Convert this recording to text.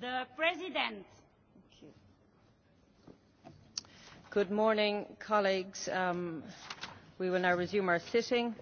the president good morning colleagues um, we will now resume our sitting.